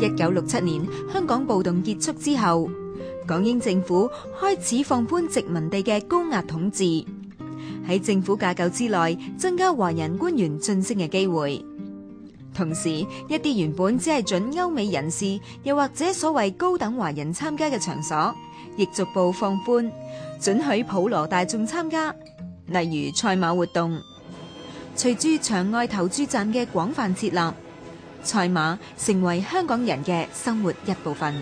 一九六七年香港暴動結束之後，港英政府開始放寬殖民地嘅高壓統治，喺政府架構之內增加華人官員晉升嘅機會，同時一啲原本只係準歐美人士，又或者所謂高等華人參加嘅場所，亦逐步放寬，準許普羅大眾參加，例如賽馬活動，隨住場外投注站嘅廣泛設立。賽馬成為香港人嘅生活一部分。